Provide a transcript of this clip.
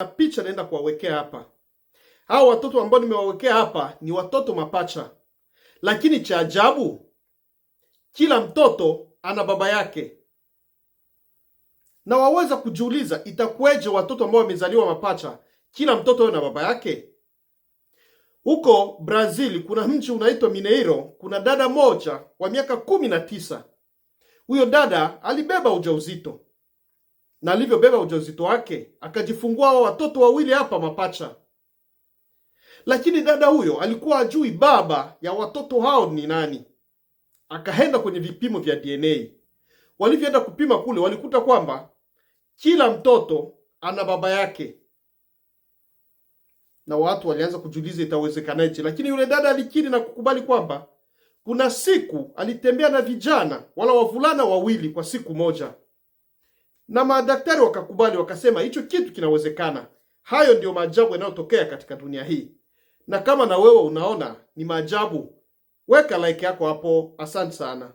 Na picha naenda kuwawekea hapa. Hao watoto ambao nimewawekea hapa ni watoto mapacha, lakini cha ajabu, kila mtoto ana baba yake, na waweza kujiuliza itakuweje watoto ambao wamezaliwa mapacha, kila mtoto huyo na baba yake? Huko Brazil kuna mji unaitwa Mineiro, kuna dada moja wa miaka kumi na tisa. Huyo dada alibeba ujauzito na alivyobeba ujauzito wake akajifungua wa watoto wawili hapa mapacha. Lakini dada huyo alikuwa ajui baba ya watoto hao ni nani. Akaenda kwenye vipimo vya DNA. Walivyoenda kupima kule, walikuta kwamba kila mtoto ana baba yake, na watu walianza kujiuliza itawezekanaje. Lakini yule dada alikiri na kukubali kwamba kuna siku alitembea na vijana wala wavulana wawili kwa siku moja na madaktari wakakubali, wakasema hicho kitu kinawezekana. Hayo ndiyo maajabu yanayotokea katika dunia hii, na kama na wewe unaona ni maajabu, weka like yako hapo. Asante sana.